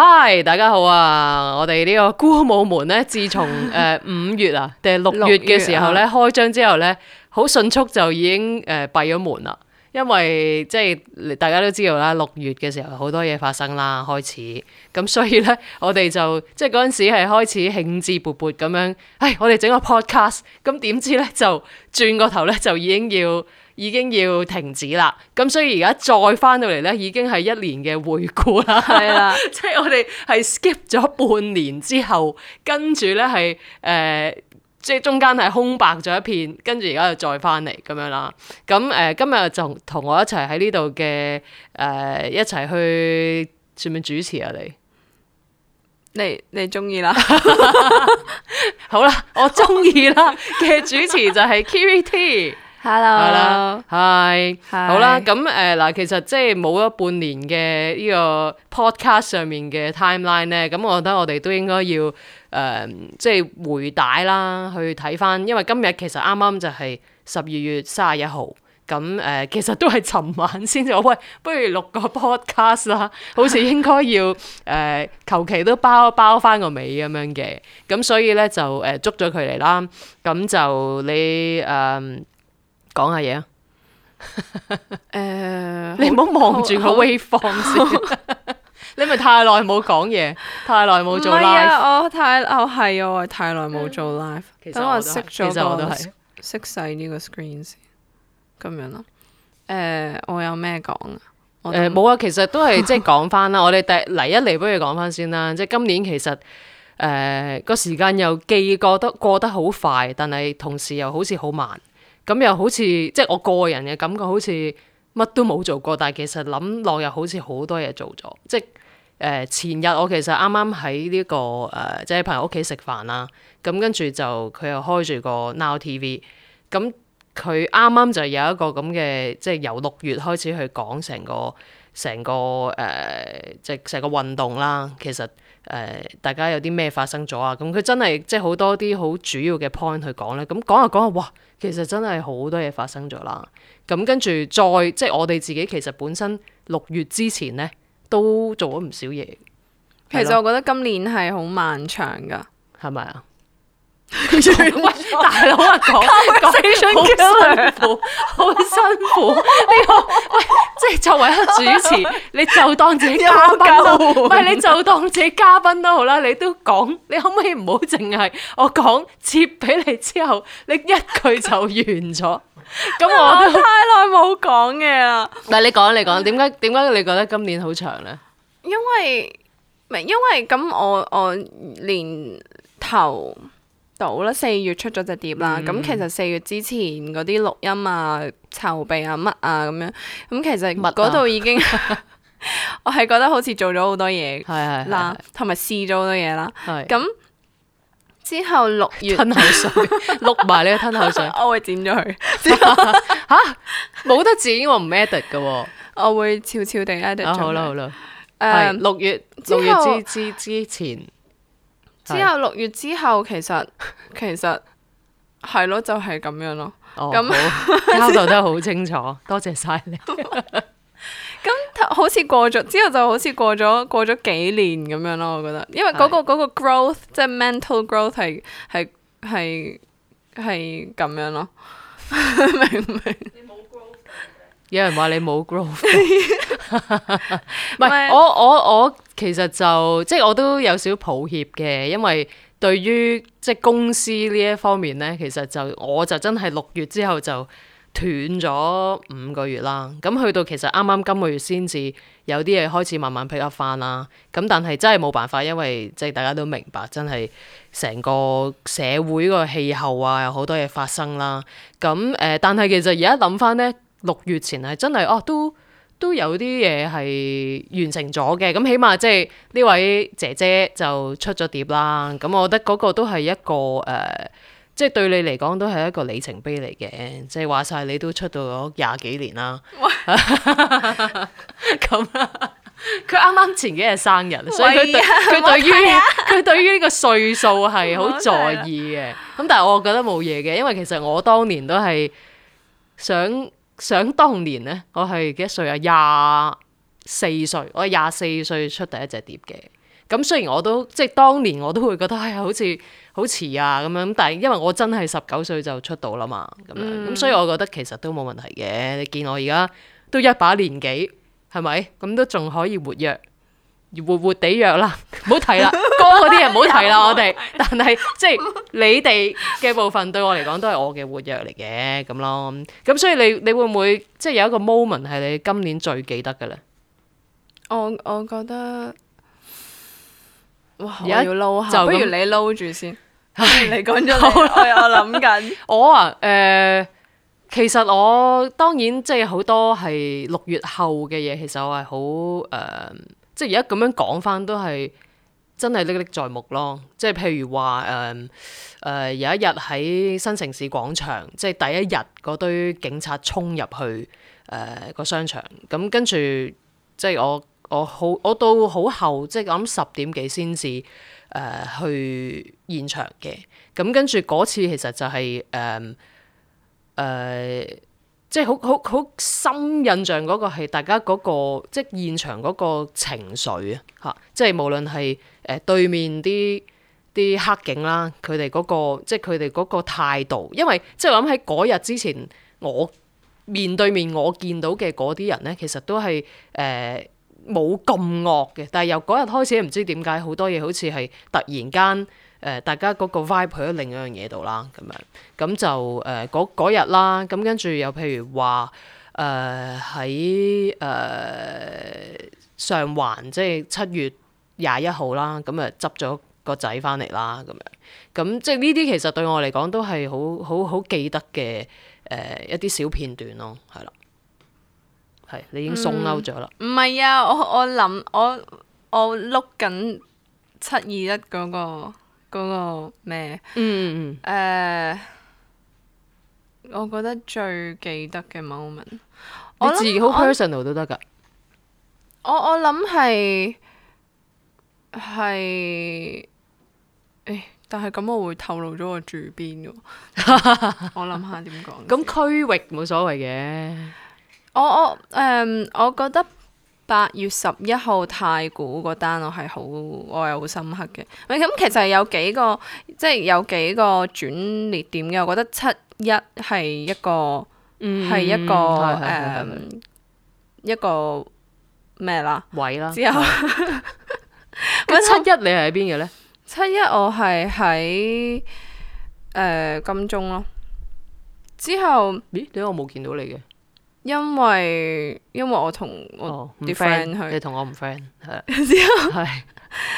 嗨，Hi, 大家好啊！我哋呢個姑母門咧，自從誒五月啊定係 六月嘅時候咧開張之後咧，好迅速就已經誒閉咗門啦。因為即係大家都知道啦，六月嘅時候好多嘢發生啦，開始咁，所以咧我哋就即係嗰陣時係開始興致勃勃咁樣，唉，我哋整個 podcast，咁點知咧就轉個頭咧就已經要。已經要停止啦，咁所以而家再翻到嚟呢，已經係一年嘅回顧啦，係啦的， 即係我哋係 skip 咗半年之後，跟住呢係誒、呃，即係中間係空白咗一片，跟住而家又再翻嚟咁樣啦。咁誒、呃，今日就同我一齊喺呢度嘅誒一齊去，算唔算主持啊？你，你你中意啦， 好啦，我中意啦嘅主持就係 Kiri T Hello，Hello，Hi，好啦，咁誒嗱，其實即係冇咗半年嘅呢個 podcast 上面嘅 timeline 咧，咁我覺得我哋都應該要誒、呃，即係回帶啦，去睇翻，因為今日其實啱啱就係十二月三十一號，咁誒、呃，其實都係尋晚先至喂，不如錄個 podcast 啦，好似應該要誒，求其、 呃、都包包翻個尾咁樣嘅，咁所以咧就誒捉咗佢嚟啦，咁就你誒。呃講下嘢啊！誒， uh, 你唔好望住個 wave、uh, form 先。 你咪太耐冇講嘢，太耐冇做 live、啊。我太我係、哦啊、我太耐冇做 live。等我熄咗個熄細呢個 screens 咁樣啊？誒，我有咩講啊？誒、呃，冇啊、呃。其實都係即係講翻啦。我哋第嚟一嚟不如講翻先啦。 即係今年其實誒個、呃、時間又既覺得過得好快，但係同時又好似好慢。咁又好似即係我個人嘅感覺，好似乜都冇做過，但係其實諗落又好似好多嘢做咗。即係、呃、前日我其實啱啱喺呢個誒、呃、即係朋友屋企食飯啦，咁、啊、跟住就佢又開住個 Now TV，咁佢啱啱就有一個咁嘅即係由六月開始去講成個成個誒、呃、即係成個運動啦。其實誒、呃、大家有啲咩發生咗啊？咁佢真係即係好多啲好主要嘅 point 去講咧。咁、啊、講下講下，哇！其實真係好多嘢發生咗啦，咁跟住再即係、就是、我哋自己其實本身六月之前呢都做咗唔少嘢。其實我覺得今年係好漫長噶，係咪啊？喂 大佬哥 啊，講講，好辛苦，好辛苦。你好，喂， 即係作為個主持，你就當自己嘉賓，唔係你就當自己嘉賓都好啦。你都講，你可唔可以唔好淨係我講，接俾你之後，你一句就完咗。咁 我，呃，太耐冇講嘢啦。 但係你講你講，點解點解你覺得今年好長咧？ 因為唔因為咁，我我年頭。到啦，四月出咗隻碟啦。咁、嗯、其實四月之前嗰啲錄音啊、籌備啊、乜啊咁樣，咁其實嗰度已經、啊， 我係覺得好似做咗好多嘢。係係。嗱，同埋試咗好多嘢啦。係。咁是之後六月吞口水，錄埋呢個吞口水。 我會剪咗佢。吓、 啊，冇得剪我唔 edit 嘅。 我會悄悄地 edit、哦。啊好啦好啦，誒、嗯、是六月六月之之之前。 之之後六月之後，其實其實係咯，就係、是、咁樣咯。哦、oh, 那，交代得好清楚， 多謝晒你。咁 好似過咗之後，就好似過咗過咗幾年咁樣咯。我覺得，因為嗰、那個嗰對個 growth 即係 mental growth 係係係係咁樣咯， 明唔明嗎？ 有人話你冇 growth，唔係 我我我其實就即係我都有少少抱歉嘅，因為對於即係公司呢一方面呢，其實就我就真係六月之後就斷咗五個月啦。咁去到其實啱啱今個月先至有啲嘢開始慢慢 pick up 翻啦。咁但係真係冇辦法，因為即係大家都明白，真係成個社會個氣候啊，有好多嘢發生啦。咁誒，但係其實而家諗翻呢。六月前係真係哦，都都有啲嘢係完成咗嘅。咁起碼即係呢位姐姐就出咗碟啦。咁我覺得嗰個都係一個誒，即係對你嚟講都係一個里程碑嚟嘅。即係話晒你都出到咗廿幾年啦。喂。咁佢啱啱前幾日生日，所以佢佢對於佢、啊、對於呢、啊、個歲數係好在意嘅。咁但係我覺得冇嘢嘅，因為其實我當年都係想。想當年呢，我係幾多歲啊？廿四歲，我廿四歲出第一隻碟嘅。咁雖然我都即係當年我都會覺得係、哎、好似好遲啊咁樣，但係因為我真係十九歲就出道啦嘛，咁、嗯、樣咁，所以我覺得其實都冇問題嘅。你見我而家都一把年紀，係咪咁都仲可以活躍？活活地約啦，唔好提啦，歌嗰啲嘢唔好提啦，我哋。但係即係你哋嘅部分，對我嚟講都係我嘅活躍嚟嘅咁咯。咁所以你你會唔會即係有一個 moment 係你今年最記得嘅咧？我我覺得，哇！我要撈下，不如你撈住先。你講咗，我我諗緊。我啊，誒，其實我當然即係好多係六月後嘅嘢，其實我係好誒。即係而家咁樣講返都係真係歷歷在目咯。即係譬如話誒誒有一日喺新城市廣場，即係第一日嗰堆警察衝入去誒個、呃、商場，咁、嗯、跟住即係我我好我到好後，即係我諗十點幾先至誒去現場嘅。咁、嗯、跟住嗰次其實就係誒誒。呃呃即係好好好深印象嗰個係大家嗰個即係現場嗰個情緒啊嚇！即係無論係誒對面啲啲黑警啦，佢哋嗰個即係佢哋嗰個態度，因為即係我諗喺嗰日之前，我面對面我見到嘅嗰啲人咧，其實都係誒冇咁惡嘅，但係由嗰日開始唔知點解好多嘢好似係突然間。誒、呃，大家嗰個 vibe 喺另一樣嘢度啦，咁樣咁就誒嗰、呃、日啦，咁跟住又譬如話誒喺誒上環，即係七月廿一號啦，咁誒執咗個仔翻嚟啦，咁樣咁即係呢啲其實對我嚟講都係好好好記得嘅誒、呃、一啲小片段咯，係啦，係你已經鬆嬲咗啦，唔係、嗯、啊，我我諗我我錄緊七二一嗰個。嗰個咩、嗯？嗯，嗯誒，我覺得最記得嘅 moment，我自己好 personal 都得噶。我我諗係係，誒、哎，但係咁我會透露咗我住邊噶。我諗下點講。咁區域冇所謂嘅。我我誒，我覺得。八月十一號太古嗰單我係好，我係好深刻嘅。喂，咁其實有幾個，即係有幾個轉捩點嘅。我覺得七一係一個，係、嗯、一個誒，嗯嗯、一個咩、嗯、啦？位啦。之後，咁七一你係喺邊嘅咧？七一我係喺誒金鐘咯。之後，咦？點解我冇見到你嘅？因為因為我同我啲 friend 去，你同我唔 friend 係。之後係，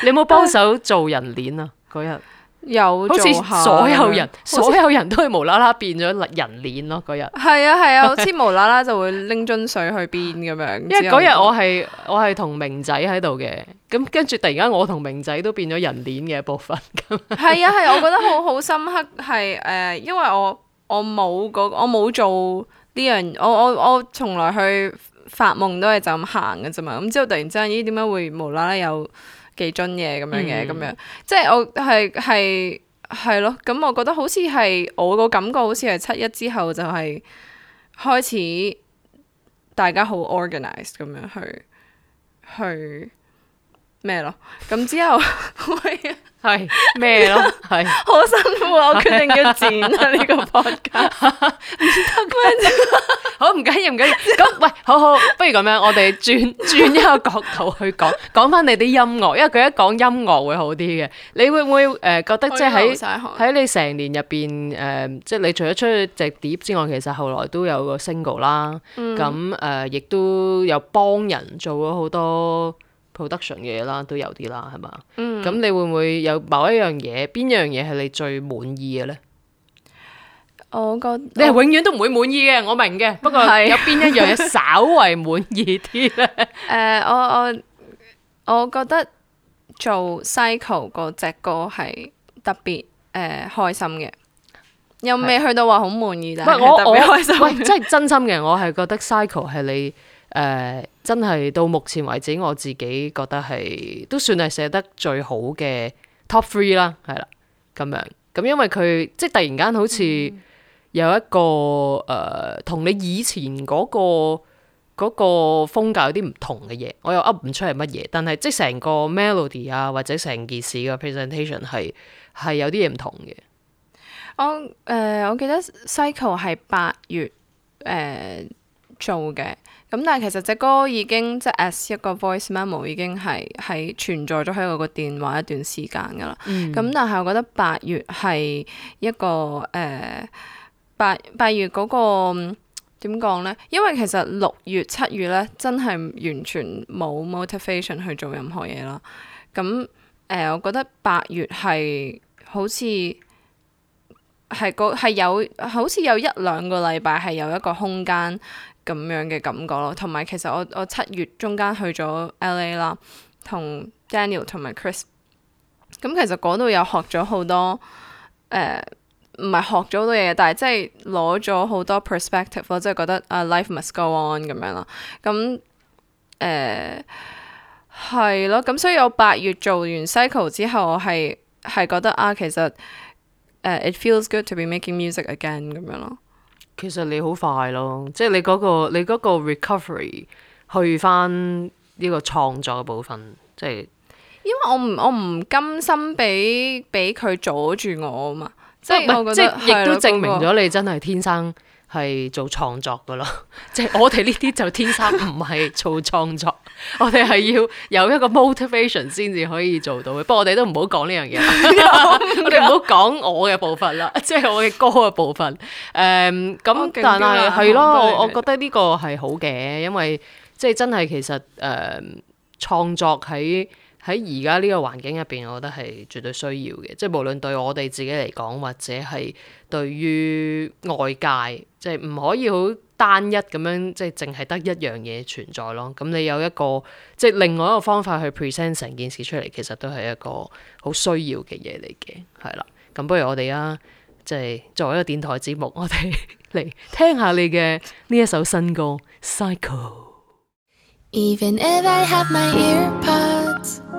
你有冇幫手做人鏈啊？嗰日有，好似所有人所有人都係無啦啦變咗人鏈咯。嗰日係啊係啊，好似無啦啦就會拎樽水去邊咁樣。因為嗰日我係我係同明仔喺度嘅，咁跟住突然間我同明仔都變咗人鏈嘅一部分。係啊係，我覺得好好深刻係誒，因為我我冇嗰我冇做。呢樣我我我從來去發夢都係就咁行嘅啫嘛，咁之後突然之間，咦點解會無啦啦有幾樽嘢咁樣嘅咁、嗯、樣，即係我係係係咯，咁我覺得好似係我個感覺好似係七一之後就係開始大家好 organized 咁樣去去咩咯，咁之後。 係咩咯？係好 辛苦啊！我決定要剪啊！呢 個 podcast 唔得咩？ 好，唔緊要唔緊要，咁喂，好好，不如咁樣，我哋轉轉一個角度去講，講返你啲音樂，因為佢一講音樂會好啲嘅。你會唔會誒、呃、覺得即係喺喺你成年入邊誒，即係你、呃、你除咗出隻碟之外，其實後來都有個 single 啦。咁誒、嗯，亦、呃、都有幫人做咗好多。做得順嘅嘢啦，都有啲啦，係嘛？咁你會唔會有某一樣嘢？邊樣嘢係你最滿意嘅咧？我覺得你係永遠都唔會滿意嘅，我明嘅。不過有邊一樣嘢稍為滿意啲咧？誒，我我我覺得做 cycle 嗰隻歌係特別誒開心嘅，又未去到話好滿意，但係特別開心，我我喂，真係真心嘅，我係覺得 cycle 係你誒。真係到目前為止，我自己覺得係都算係寫得最好嘅 top three 啦，係啦，咁樣咁，因為佢即係突然間好似有一個誒，同、嗯呃、你以前嗰、個嗰、個風格有啲唔同嘅嘢，我又噏唔出係乜嘢，但係即係成個 melody 啊，或者成件事嘅 presentation 係係有啲嘢唔同嘅。我誒、呃，我記得 cycle 係八月誒、呃、做嘅。咁但係其實隻歌已經即係 as 一個 voice memo 已經係喺存在咗喺我個電話一段時間㗎啦。咁、嗯、但係我覺得八月係一個誒八八月嗰、嗰個點講咧？因為其實六月七月咧真係完全冇 motivation 去做任何嘢啦。咁誒、呃，我覺得八月係好似係係係有好似有一兩個禮拜係有一個空間。咁樣嘅感覺咯，同埋其實我我七月中間去咗 LA 啦，同 Daniel 同埋 Chris，咁其實嗰度又學咗好多，誒唔係學咗好多嘢，但係即係攞咗好多 perspective 咯，即係覺得啊 uh, life must go on 咁樣咯，咁誒係咯，咁所以我八月做完 cycle 之後，我係係覺得啊其實誒 uh, it feels good to be making music again 咁樣咯。其實你好快咯，即係你嗰個你嗰個 recovery 去翻呢個創作嘅部分，即係因為我唔我唔甘心俾俾佢阻住我啊嘛，即係唔係即係亦都證明咗你真係天生係做創作噶咯，即 係我哋呢啲就天生唔係做創作， 我哋係要有一個 motivation 先至可以做到嘅。不過我哋都唔好講呢樣嘢， 我哋唔好講我嘅部分啦，即、就、係、是、我嘅歌嘅部分。誒、um, 咁，但係係咯，我覺得呢個係好嘅，因為即係、就是、真係其實誒、uh, 創作喺。喺而家呢個環境入邊，我覺得係絕對需要嘅，即係無論對我哋自己嚟講，或者係對於外界，即係唔可以好單一咁樣，即係淨係得一樣嘢存在咯。咁你有一個即係另外一個方法去 present 成件事出嚟，其實都係一個好需要嘅嘢嚟嘅，係啦。咁不如我哋啊，即係作為一個電台節目，我哋嚟聽下你嘅呢一首新歌《Cycle》。Even if I have my ear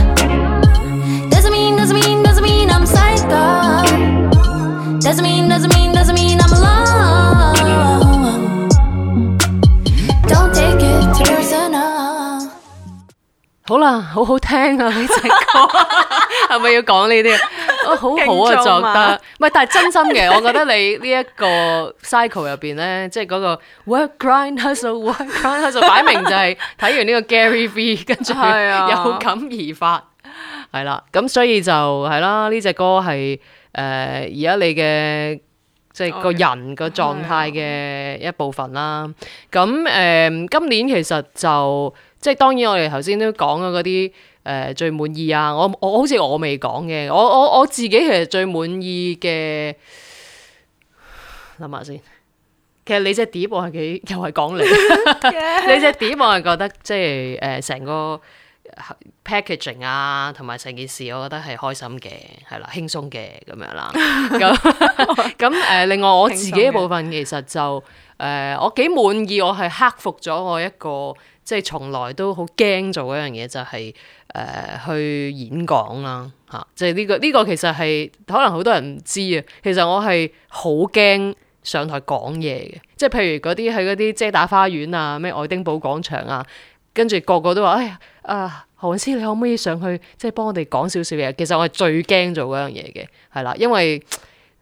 好啦，好好聽啊！呢隻歌係咪要講呢啲啊？好好啊，作得，唔係，但係真心嘅，我覺得你呢一個 cycle 入邊咧，即係嗰個 work grind hustle work grind hustle，擺明就係睇完呢個 Gary Vee，跟住有感而發，係啦，咁所以就係啦，呢隻歌係誒而家你嘅即係個人個狀態嘅一部分啦。咁誒，今年其實就。即係當然，我哋頭先都講咗嗰啲誒最滿意啊！我我好似我未講嘅，我我我自己其實最滿意嘅諗下先。其實你隻碟， Yeah. 你隻碟我係幾又係講你？你隻碟我係覺得即係誒成個 packaging 啊，同埋成件事，我覺得係開心嘅，係啦，輕鬆嘅咁樣啦。咁咁誒，另外我，我自己嘅部分其實就誒、呃、我幾滿意，我係克服咗我一個。即係從來都好驚做嗰樣嘢，就係、是、誒、呃、去演講啦吓，即係呢個呢個其實係可能好多人唔知啊。其實我係好驚上台講嘢嘅，即係譬如嗰啲喺嗰啲遮打花園啊、咩愛丁堡廣場啊，跟住個個都話：，哎呀，啊何韻詩，你可唔可以上去即係幫我哋講少少嘢？其實我係最驚做嗰樣嘢嘅，係啦，因為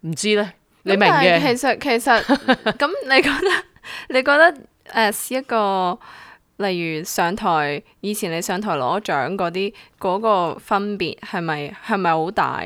唔知咧，你明嘅？其實其實咁， 你覺得你覺得誒是一個？例如上台，以前你上台攞獎嗰啲嗰個分別係咪係咪好大？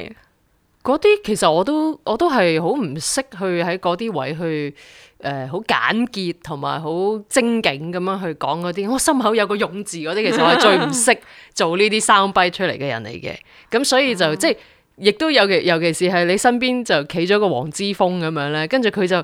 嗰啲其實我都我都係好唔識去喺嗰啲位去誒好、呃、簡潔同埋好精警咁樣去講嗰啲，我心口有個勇字嗰啲，其實我係最唔識做呢啲 soundbite 出嚟嘅人嚟嘅。咁 所以就即係亦都有嘅，尤其是係你身邊就企咗個黃之鋒咁樣咧，跟住佢就咁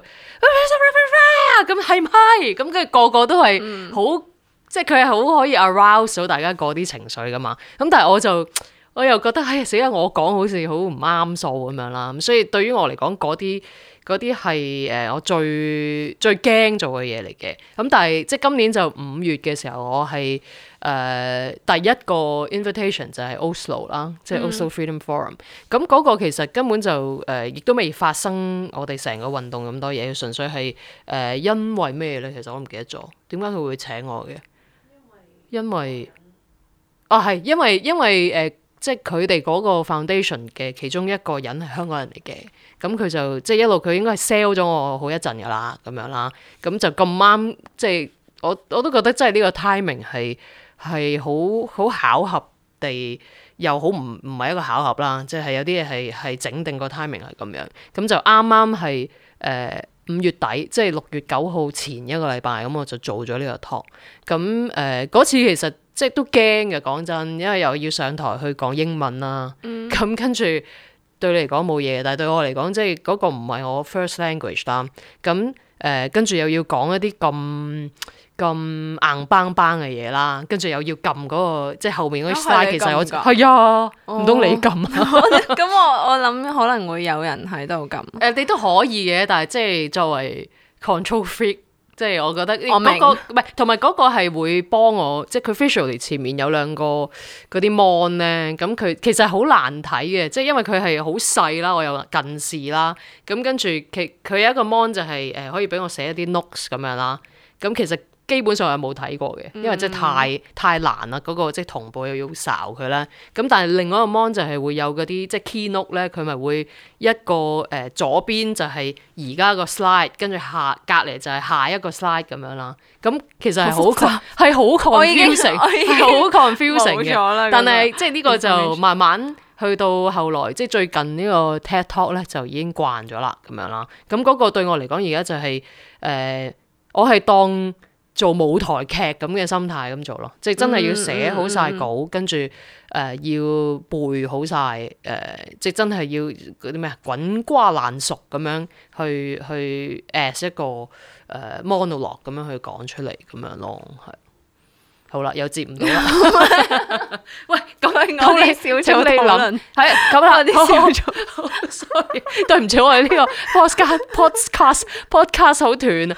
係唔係？咁嘅 個，個個都係好。即係佢係好可以 arouse 到大家嗰啲情緒噶嘛，咁但係我就我又覺得唉，死、哎、啦！我講好似好唔啱數咁樣啦，咁所以對於我嚟講，嗰啲嗰啲係誒我最最驚做嘅嘢嚟嘅。咁但係即係今年就五月嘅時候，我係誒、呃、第一個 invitation 就係 Oslo 啦，即係 Oslo Freedom Forum、嗯。咁嗰個其實根本就誒亦、呃、都未發生我哋成個運動咁多嘢，純粹係誒、呃、因為咩咧？其實我唔記得咗點解佢會請我嘅。因為，哦、啊，係，因為因為誒、呃，即係佢哋嗰個 foundation 嘅其中一個人係香港人嚟嘅，咁、嗯、佢就即係一路佢應該係 sell 咗我好一陣㗎啦，咁樣啦，咁就咁啱，即係我我都覺得即係呢個 timing 係係好好巧合地，又好唔唔係一個巧合啦，即係有啲嘢係係整定個 timing 係咁樣，咁就啱啱係誒。呃五月底，即係六月九號前一個禮拜，咁我就做咗呢個 talk。咁誒，嗰、呃、次其實即係都驚嘅，講真，因為又要上台去講英文啦。咁、嗯、跟住對你嚟講冇嘢，但係對我嚟講，即係嗰個唔係我 first language 啦。咁、呃、誒，跟住又要講一啲咁。咁硬邦邦嘅嘢啦，跟住又要撳嗰、那個即係後面嗰啲其實我係啊，唔通、oh. 你撳啊。咁、oh. 我我諗可能會有人喺度撳。誒、呃，你都可以嘅，但係即係作為 control freak，即係我覺得我唔覺，同埋嗰個係白會幫我，即係佢 officially 前面有兩個嗰啲 mon 咧。咁佢其實好難睇嘅，即係因為佢係好細啦，我又近視啦。咁跟住其佢有一個 mon 就係、是、誒、呃、可以俾我寫一啲 notes 咁樣啦。咁其實。基本上係冇睇過嘅，因為即係太太難啦，嗰、那個即係同步又要睄佢啦。咁但係另外一個 mon 就係會有嗰啲即係 keynote 咧，佢咪會一個誒、呃、左邊就係而家個 slide，跟住下隔離就係下一個 slide 咁樣，樣 很啦。咁其實係好係好 confusing，好 confusing 嘅。那個、但係即係呢個就慢慢去到後來，即係最近呢個 ted talk 咧就已經慣咗啦，咁樣啦。咁嗰、那個對我嚟講而家就係、是、誒、呃，我係當。做舞台劇咁嘅心態咁做咯，即係真係要寫好晒稿，嗯嗯、跟住誒、呃、要背好晒，誒、呃，即係真係要嗰啲咩呀滾瓜爛熟咁樣去去 as 一個誒 monologue 咁樣去講出嚟咁樣咯，係。好啦，又接唔到啦。喂，咁樣咬你少咗討論，係咁啦。好，對唔住，我哋呢個 podcast podcast podcast 好斷啊。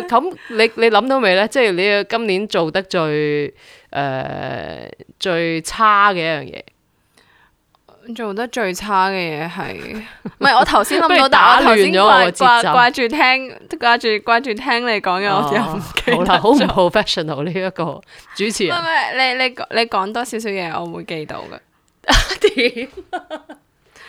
誒，咁你你諗到未咧？即係你今年做得最誒最差嘅一樣嘢。做得最差嘅嘢係，唔係 我頭先諗到，但係我頭先掛掛住聽，掛住掛住聽你講嘅，啊、我真係唔記得，好唔 professional 呢一個主持人。唔係 你你你講多少少嘢，我會記到嘅。點、 啊？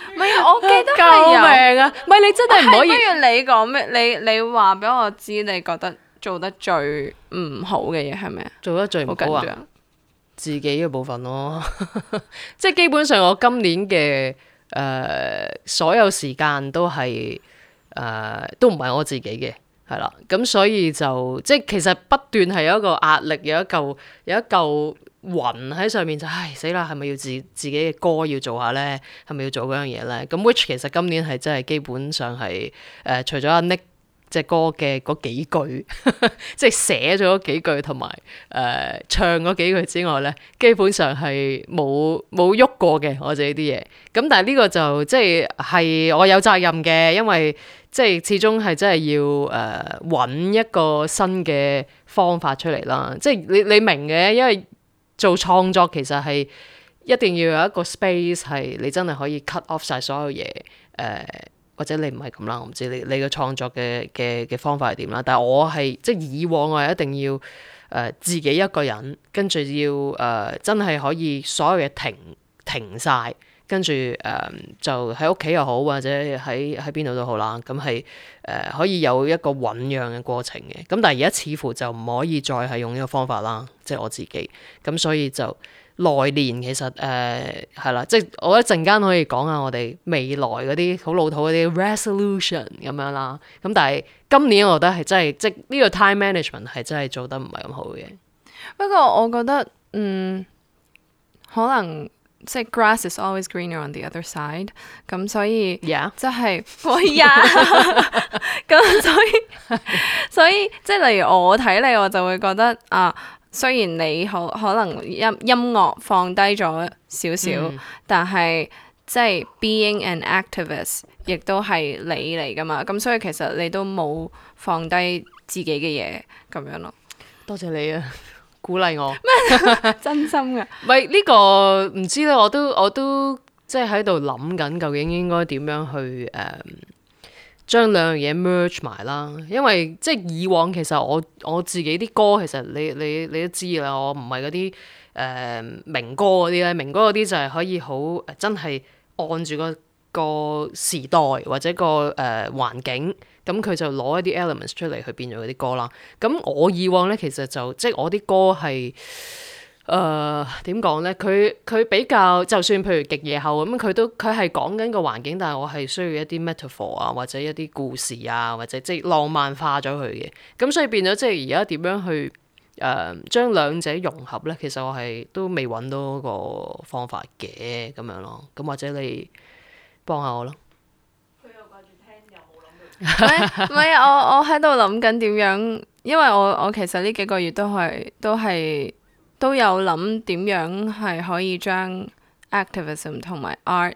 唔天係、啊、 我記得係。救命啊！唔係你真係唔可以。不如你講咩？你你話俾我知，你覺得做得最唔好嘅嘢係咪？啊？做得最唔好啊！嗯自己嘅部分咯， 即係基本上我今年嘅誒、呃、所有時間都係誒、呃、都唔係我自己嘅，係啦，咁所以就即係其實不斷係有一個壓力，有一嚿有一嚿雲喺上面，就唉死啦！係咪要自自己嘅歌要做下呢？係咪要做嗰樣嘢呢？咁 which 其實今年係真係基本上係誒、呃、除咗阿 Nick。隻歌嘅嗰幾句， 即係寫咗幾句同埋誒唱嗰幾句之外咧，基本上係冇冇喐過嘅。我哋呢啲嘢，咁但係呢個就是、即係係我有責任嘅，因為即係始終係真係要誒揾、呃、一個新嘅方法出嚟啦。即係你你明嘅，因為做創作其實係一定要有一個 space 係你真係可以 cut off 曬所有嘢誒。呃或者你唔係咁啦，我唔知你你嘅創作嘅嘅嘅方法係點啦。但係我係即係以往我係一定要誒、呃、自己一個人，跟住要誒、呃、真係可以所有嘢停停曬，跟住誒、呃、就喺屋企又好，或者喺喺邊度都好啦。咁係誒可以有一個醖釀嘅過程嘅。咁但係而家似乎就唔可以再係用呢個方法啦。即係我自己咁，所以就。來年其實誒係、呃、啦，即係我一陣間可以講下我哋未來嗰啲好老土嗰啲 resolution 咁樣啦。咁但係今年我覺得係真係即呢、呢個 time management 係真係做得唔係咁好嘅。不過我覺得嗯，可能即係、就是、grass is always greener on the other side。咁所以，即係所以所以即係例如我睇你，我就會覺得啊。雖然你好可能音音樂放低咗少少，嗯、但係即係 being an activist 亦都係你嚟噶嘛，咁所以其實你都冇放低自己嘅嘢咁樣咯。多謝你啊，鼓勵我， 真心噶的。唔係呢個唔知咧，我都我都即係喺度諗緊，究竟應該點樣去誒？Um, 將兩樣嘢 merge 埋啦，因為即係以往其實我我自己啲歌其實你你你都知啦，我唔係嗰啲誒名歌嗰啲咧，名歌嗰啲就係可以好真係按住個個時代或者個誒環境，咁佢就攞一啲 elements 出嚟去變咗嗰啲歌啦。咁我以往呢，其實就即係我啲歌係。誒點講呢？佢佢比較，agents，就算譬如極夜後咁，佢都佢係講緊個環境，但係我係需要一啲 metaphor 啊，或者一啲故事啊，或者即係浪漫化咗佢嘅。咁所以變咗即係而家點樣去誒將、啊、兩者融合呢？其實我係都未揾到個方法嘅咁樣咯。咁或者你幫下我咯？佢又掛住聽，又冇諗到。唔係唔係，我我喺度諗緊點樣？因為我我其實呢幾個月都係都係。.都有諗點樣係可以將 activism 同埋 art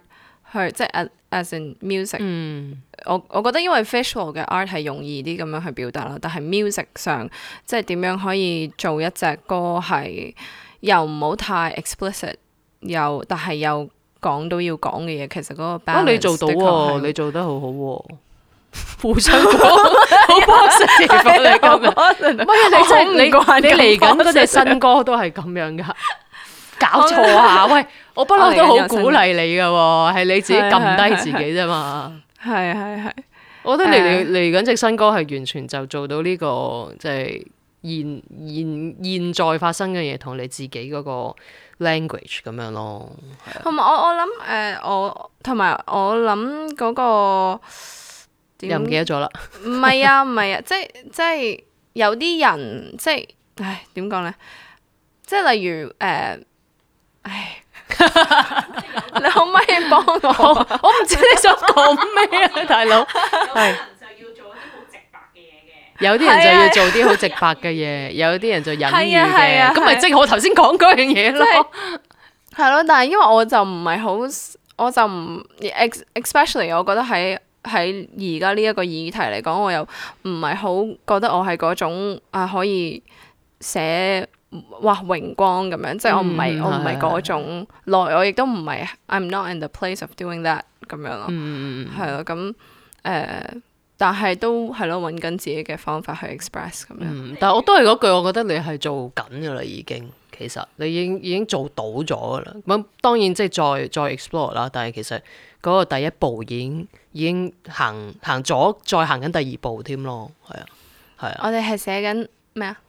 去即係 as in music、嗯。我我覺得因為 visual 嘅 art 係容易啲咁樣去表達啦，但係 music 上即係點樣可以做一隻歌係又唔好太 explicit，又但係又講到要講嘅嘢，其實嗰個 balance、啊、你做到、啊、你做得好好、啊、喎。互相幫幫手嚟咁樣，唔係你真係你你嚟緊嗰隻新歌都係咁樣噶，搞錯啊！ 的喂，我不嬲都好鼓勵你噶，係 你自己撳低自己啫嘛。係係係，我覺得你嚟嚟緊隻新歌係完全就做到呢個，即係現現現在發生嘅嘢同你自己嗰個 language 咁樣咯。同埋我我諗誒，我同埋我諗個。怎又唔記得咗啦？唔係啊，唔係啊，即係即係有啲人即係，唉，點講咧？即係例如誒，唉、哎， 你可唔可以幫我？我唔知你想講咩啊，大佬。係。有啲人就要做啲好直白嘅嘢嘅， 有啲人就要做啲好直白嘅嘢，有啲人就隱喻 啊。咁咪即係我頭先講嗰樣嘢咯 。係咯、啊，但係因為我就唔係好，我就唔，especially 我覺得喺。喺而家呢一個議題嚟講，我又唔係好覺得我係嗰種啊可以寫哇榮光咁樣，即係我唔係、嗯、我唔係嗰種、嗯、來，我亦都唔係 I'm not in the place of doing that 咁樣咯，係咯咁誒，但係都係咯，揾緊自己嘅方法去 express 咁樣、嗯，但我都係嗰句，我覺得你係做緊㗎喇已經。其實你已經已經做到咗噶啦，咁當然即係再再 explore 啦。但係其實嗰個第一步已經已經行行咗，再行緊第二步添咯。係啊，係啊。我哋係寫緊咩啊？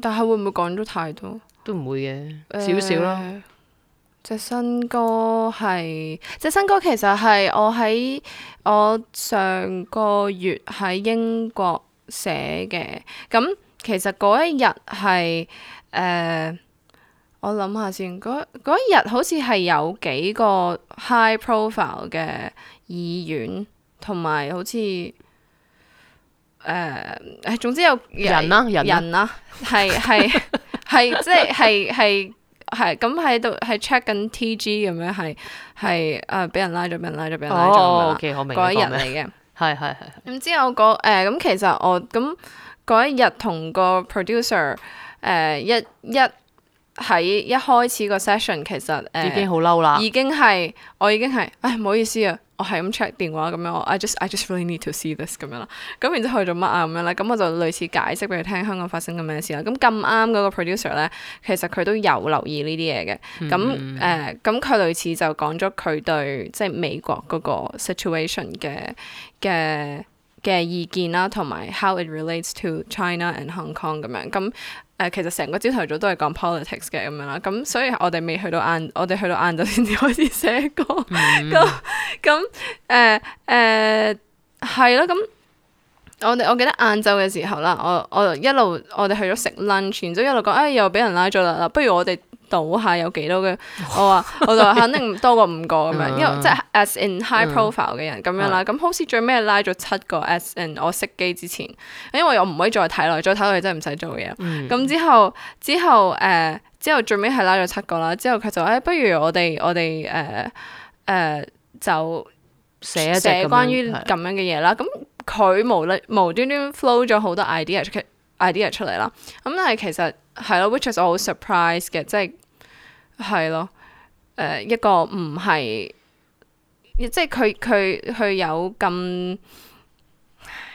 但係會唔會講咗太多？都唔會嘅，少少啦。隻、呃、新歌係隻新歌，其實係我喺我上個月喺英國寫嘅咁。其實嗰一日係誒，我諗下先，嗰一日好似係有幾個 high profile 嘅議員，同埋好似誒誒，總之有人啦人啦，係係係即係係係係咁喺度係 check 緊 TG 咁樣，係係誒俾人拉咗，俾人拉咗，俾人拉咗咁樣嗰啲人嚟嘅，係係係。咁之後誒咁，其實我咁。嗰一日同個 producer 誒、uh, 一一喺一開始個 session 其實、uh, 已經好嬲啦，已經係我已經係唉唔好意思啊，我係咁 check 電話咁樣，我 I just I just really need to see this 咁樣啦。咁然之後去做乜啊咁樣咧？咁我就類似解釋俾佢聽香港發生咁樣嘅事啦。咁咁啱嗰個 producer 咧，其實佢都有留意呢啲嘢嘅。咁誒咁佢類似就講咗佢對即係美國嗰個 situation 嘅嘅。嘅意見啦，同埋 how it relates to China and Hong Kong 咁樣，咁誒、呃，其實成個朝頭早都係講 politics 嘅咁樣啦，咁所以我哋未去到晏，我哋去到晏晝先至開始寫歌，咁咁誒誒係咯，咁、mm hmm. 呃呃、我我記得晏晝嘅時候啦，我我一路我哋去咗食 lunch，然之後一路講，哎又俾人拉咗啦，不如我哋。倒下有幾多嘅？ 我話我就肯定多過五個咁樣， 因為、啊、即係 as in high profile 嘅人咁、嗯、樣啦。咁、嗯、好似最尾拉咗七個 as in 我熄機之前，因為我唔可以再睇耐，再睇耐真係唔使做嘢。咁、嗯、之後之後誒、呃、之後最尾係拉咗七個啦。之後佢就誒、哎、不如我哋我哋誒誒就寫寫關於咁樣嘅嘢啦。咁佢無啦無端端 flow 咗好多 idea idea 出嚟啦。咁但係其實。係咯，which is 我好 surprise 嘅，即係，係咯，誒、呃、一個唔係，即係佢佢佢有咁，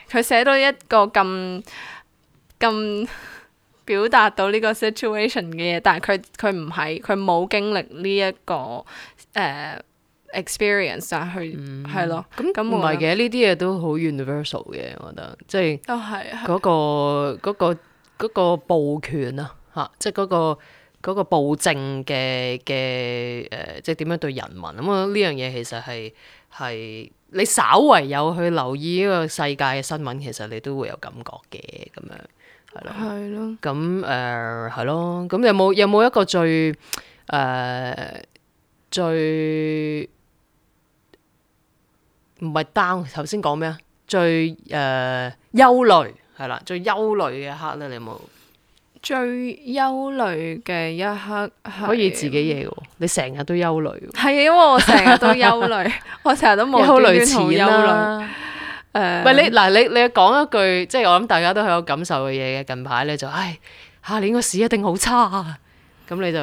佢寫到一個咁咁表達到呢個 situation 嘅嘢，但係佢佢唔係，佢冇經歷呢一個誒、呃、experience 啊，去係咯，咁咁唔係嘅，呢啲嘢都好 universal 嘅，我覺得即係，都係嗰個嗰個。那個嗰個暴權啊，嚇！即係嗰個嗰個暴政嘅嘅誒，即係點樣對人民，咁我覺得呢樣嘢其實係係你稍為有去留意呢個世界嘅新聞，其實你都會有感覺嘅咁樣，係咯，係咯。咁誒係咯，咁、呃、有冇有冇一個最誒最唔係 down 頭先講咩啊？最誒、呃、憂慮。係啦，最憂慮嘅一刻咧，你有冇？最憂慮嘅一刻可以自己嘢嘅，你成日都憂慮。係啊，因為我成日都憂慮，我成日都冇憂慮啦。誒，喂，你嗱，你你講一句，即係我諗大家都係有感受嘅嘢嘅。近排咧就，唉，下年個市一定好差，咁你就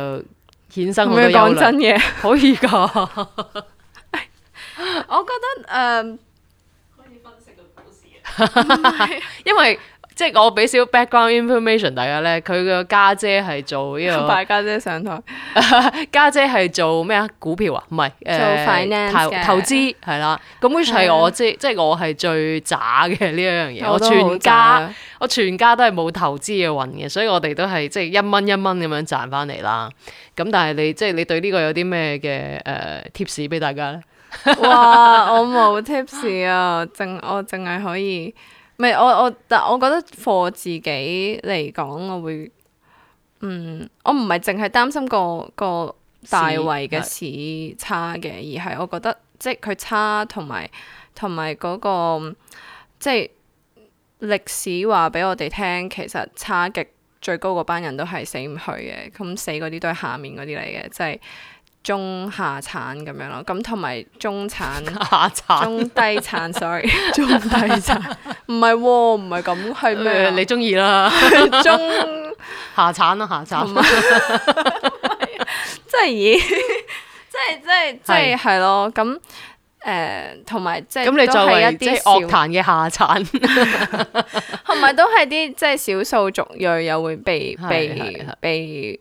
衍生咗憂慮。講真嘢，可以噶我覺得誒，可以分析到股市啊，因為。即係我俾少 background information 大家咧，佢個家姐係做呢、呢個。快家 姐，姐上台。家姐係做咩啊？股票啊？唔係。做 finance 嘅。投投資係的啦。咁 which 係我 即係即係我係最渣嘅呢一樣嘢。我全家我全家都係冇投資嘅運嘅，所以我哋都係即係一蚊一蚊咁樣賺翻嚟啦。咁但係你即係你對呢個有啲咩嘅誒 tips 俾大家咧？ 哇！我冇 tips 啊，淨我淨係可以。唔係我我，但我，我覺得貨自己嚟講，我會，嗯，我唔係淨係擔心個個大圍嘅市差嘅，的而係我覺得即係佢差同埋同埋嗰個即係歷史話俾我哋聽，其實差極最高嗰班人都係死唔去嘅。咁死嗰啲都係下面嗰啲嚟嘅，即係。中下產咁樣咯，咁同埋中產、下產、中低產，sorry，中低產，唔係喎，唔係咁，係咩？你中意啦，中下產啦，下產，即係以，即係即係即係係咯，咁誒，同埋即係作為一啲樂壇嘅下產，同埋都係啲即係少數族裔又會被被被。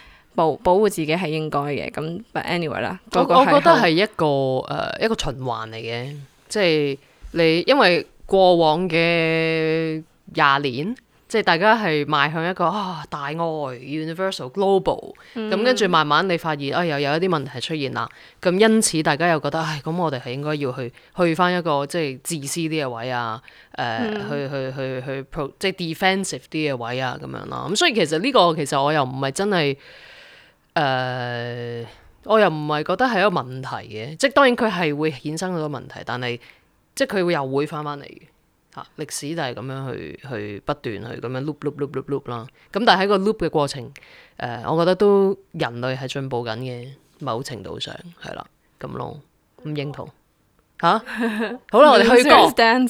保保護自己係應該嘅，咁 but anyway 啦。我我覺得係一個誒、呃、一個循環嚟嘅，即係你因為過往嘅廿年，即係大家係邁向一個啊大愛 universal global，咁跟住慢慢你發現啊、哎、又有，有一啲問題出現啦，咁因此大家又覺得唉咁、哎、我哋係應該要去去返一個即係自私啲嘅位啊，誒、呃嗯、去去去去，去 pro 即係 defensive 啲嘅位啊咁樣咯，咁所以其實呢、這個其實我又唔係真係。誒，uh, 我又唔係覺得係一個問題嘅，即係當然佢係會衍生好多問題，但係即係佢會又會翻翻嚟嘅吓，啊、歷史就係咁樣去去不斷去咁樣 loop loop loop loop loop 啦。咁但係喺個 loop 嘅過程，誒、啊，我覺得都人類係進步緊嘅，某程度上係啦，咁咯，唔認同吓。好啦，我哋去講。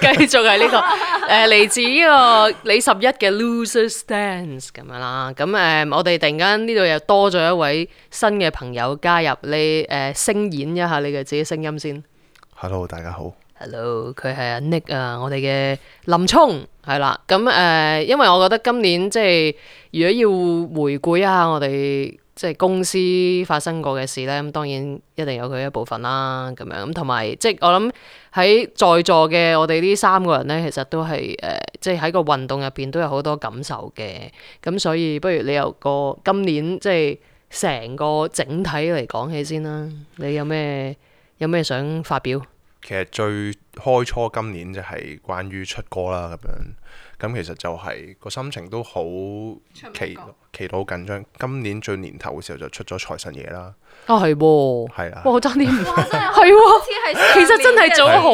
繼續係呢個誒，嚟自呢個李十一嘅 Loser Stance 咁樣啦。咁誒，我哋突然間呢度又多咗一位新嘅朋友加入，你誒，聲演一下你嘅自己聲音先。Hello，大家好。Hello，佢係阿 Nick 啊，我哋嘅林聰係啦。咁誒，因為我覺得今年即係如果要回顧一下我哋。即係公司發生過嘅事呢，咁當然一定有佢一部分啦，咁樣咁同埋即係我諗喺在，在座嘅我哋呢三個人呢，其實都係誒、呃，即係喺個運動入邊都有好多感受嘅。咁所以不如你由個今年即係成個整體嚟講起先啦，你有咩有咩想發表？其實最開初今年就係關於出歌啦咁樣。咁其實就係個心情都好祈到好緊張，今年最年頭嘅時候就出咗財神爺啦。啊，係噃，係啊，哇，真係，係喎，其實真係做咗好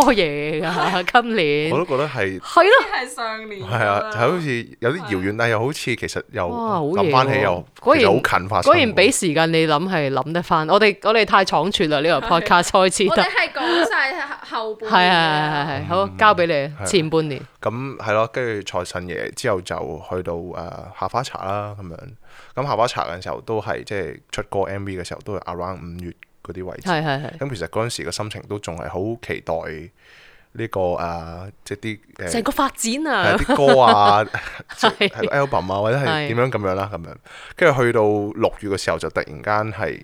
多嘢噶。今年我都覺得係，係咯，係上年，係啊，就好似有啲遙遠，但又好似其實又諗翻起又，果然好近發生。果然俾時間你諗，係諗得翻。我哋我哋太倉促啦呢個 podcast 開始。我哋係講晒後半，係係係係，好交俾你前半年。咁係咯，跟住財神爺之後就去到誒夏花茶啦，咁樣。咁下巴查嘅時候都，都係即係出歌 M V 嘅時候，都係 around 五月嗰啲位置。咁係係係。其實嗰陣時嘅心情都仲係好期待呢、呢個誒、啊，即係啲成個發展啊，啲歌啊，係個 album 啊，或者係點樣咁樣啦，咁樣。跟住係係去到六月嘅時候，就突然間係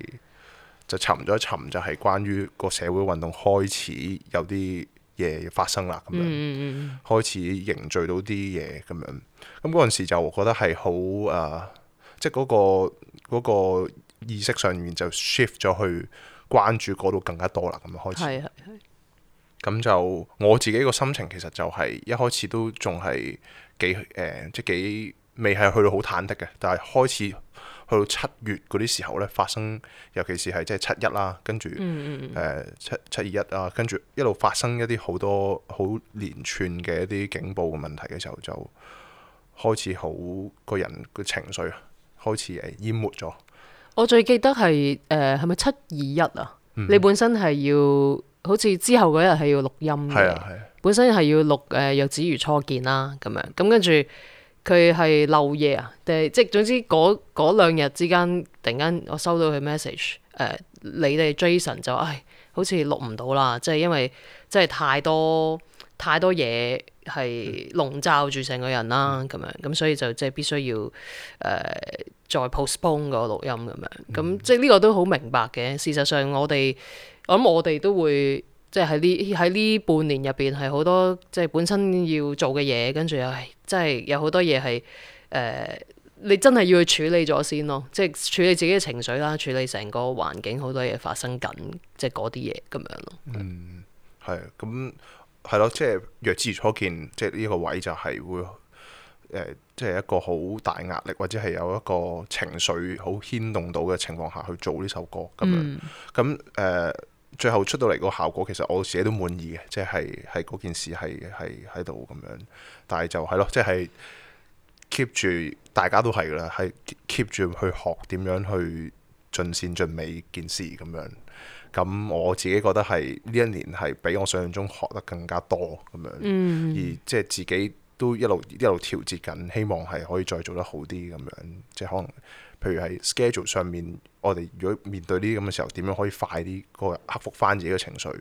就沉咗一沉，就係關於個社會運動開始有啲嘢發生啦，咁樣、嗯、開始凝聚到啲嘢咁樣。咁嗰陣時就覺得係好誒。啊即係、那、嗰個、那個意識上面就 shift 咗去關注嗰度更加多啦，咁樣開始。咁 就我自己個心情其實就係、是、一開始都仲係幾誒、呃，即係幾未係去到好忐忑嘅。但係開始去到七月嗰啲時候咧，發生，尤其是係即係七一啦，跟住誒、嗯呃、七七二一啊，跟住一路發生一啲好多好連串嘅一啲警暴嘅問題嘅時候，就，就開始好個人嘅情緒。開始誒淹沒咗。我最記得係誒係咪七二一啊？Mm hmm. 你本身係要好似之後嗰日係要錄音嘅，係啊，係啊。本身係要錄誒《若只如初見》啦，咁樣咁跟住佢係漏嘢啊，定即係總之嗰兩日之間，突然間我收到佢 message 誒，你哋 Jason 就唉，好似錄唔到啦，即係因為即係太多太多嘢。係籠罩住成個人啦，咁、嗯、樣咁，所以就即係必須要誒、呃、再 postpone 個錄音咁樣，咁、嗯、即係呢個都好明白嘅。事實上我，我哋我諗我哋都會即係喺呢喺呢半年入邊係好多即係本身要做嘅嘢，跟住又係即係有好多嘢係誒你真係要去處理咗先咯，即係處理自己嘅情緒啦，處理成個環境好多嘢發生緊，即係嗰啲嘢咁樣咯。嗯，係咁。係咯，即係若只如初見，即係呢個位就係會，誒、呃，即係一個好大壓力，或者係有一個情緒好牽動到嘅情況下去做呢首歌咁樣，咁誒、嗯呃，最後出到嚟個效果，其實我自己都滿意嘅，即係係嗰件事係係喺度咁樣，但係就係、是、咯，即、就、係、是、keep 住大家都係噶啦，係 keep 住去學點樣去盡善盡美件事咁樣。咁我自己覺得係呢一年係比我想象中學得更加多咁樣，嗯、而即係自己都一路一路調節緊，希望係可以再做得好啲咁樣。即係可能譬如喺 schedule 上面，我哋如果面對呢啲咁嘅時候，點樣可以快啲個克服翻自己嘅情緒，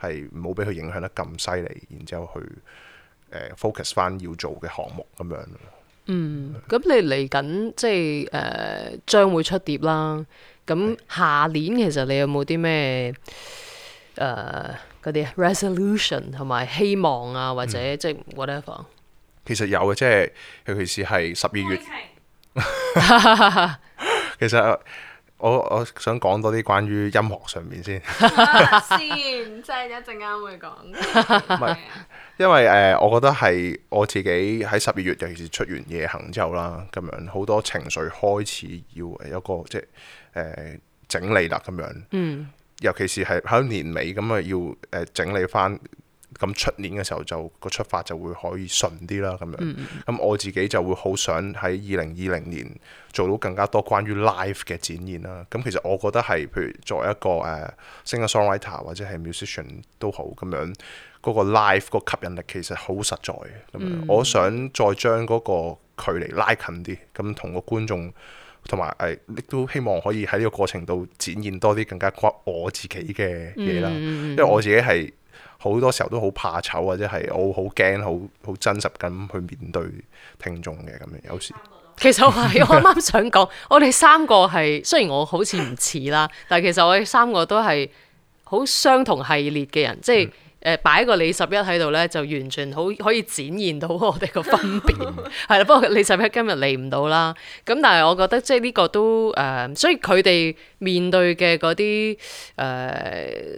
係唔好俾佢影響得咁犀利，然之後去誒 focus 翻要做嘅項目咁樣。嗯，咁樣。你嚟緊即係誒將會出碟啦。咁下年其實你有冇啲咩誒嗰啲、uh, resolution 同埋希望啊，或者、嗯、即係 whatever？其實有嘅，即係尤其是係十二月。情 其實我我想講多啲關於音樂上面先。先即係一陣間會講。因為誒，我覺得係我自己喺十二月，尤其是出完夜行之後啦，咁樣好多情緒開始要有一個即係。誒、呃、整理啦咁樣，嗯、尤其是係喺年尾咁啊，要誒、呃、整理翻，咁出年嘅時候就個出發就會可以順啲啦咁樣。咁、嗯、我自己就會好想喺二零二零年做到更加多關於 live 嘅展現啦。咁其實我覺得係，譬如作為一個誒、uh, singer-songwriter 或者係 musician 都好咁樣，嗰、那個 live 個吸引力其實好實在嘅。咁樣，嗯、我想再將嗰個距離拉近啲，咁同個觀眾。同埋誒，亦都希望可以喺呢個過程度展現多啲更加我我自己嘅嘢啦，嗯、因為我自己係好多時候都好怕醜或者係我好驚好好真實咁去面對聽眾嘅咁樣，有時其實係我啱啱想講， 我哋三個係雖然我好似唔似啦，但係其實我哋三個都係好相同系列嘅人，即係。嗯誒擺個李十一喺度咧，就完全好可以展現到我哋個分別係啦。 不過李十一今日嚟唔到啦，咁但係我覺得即係呢個都誒、呃，所以佢哋面對嘅嗰啲誒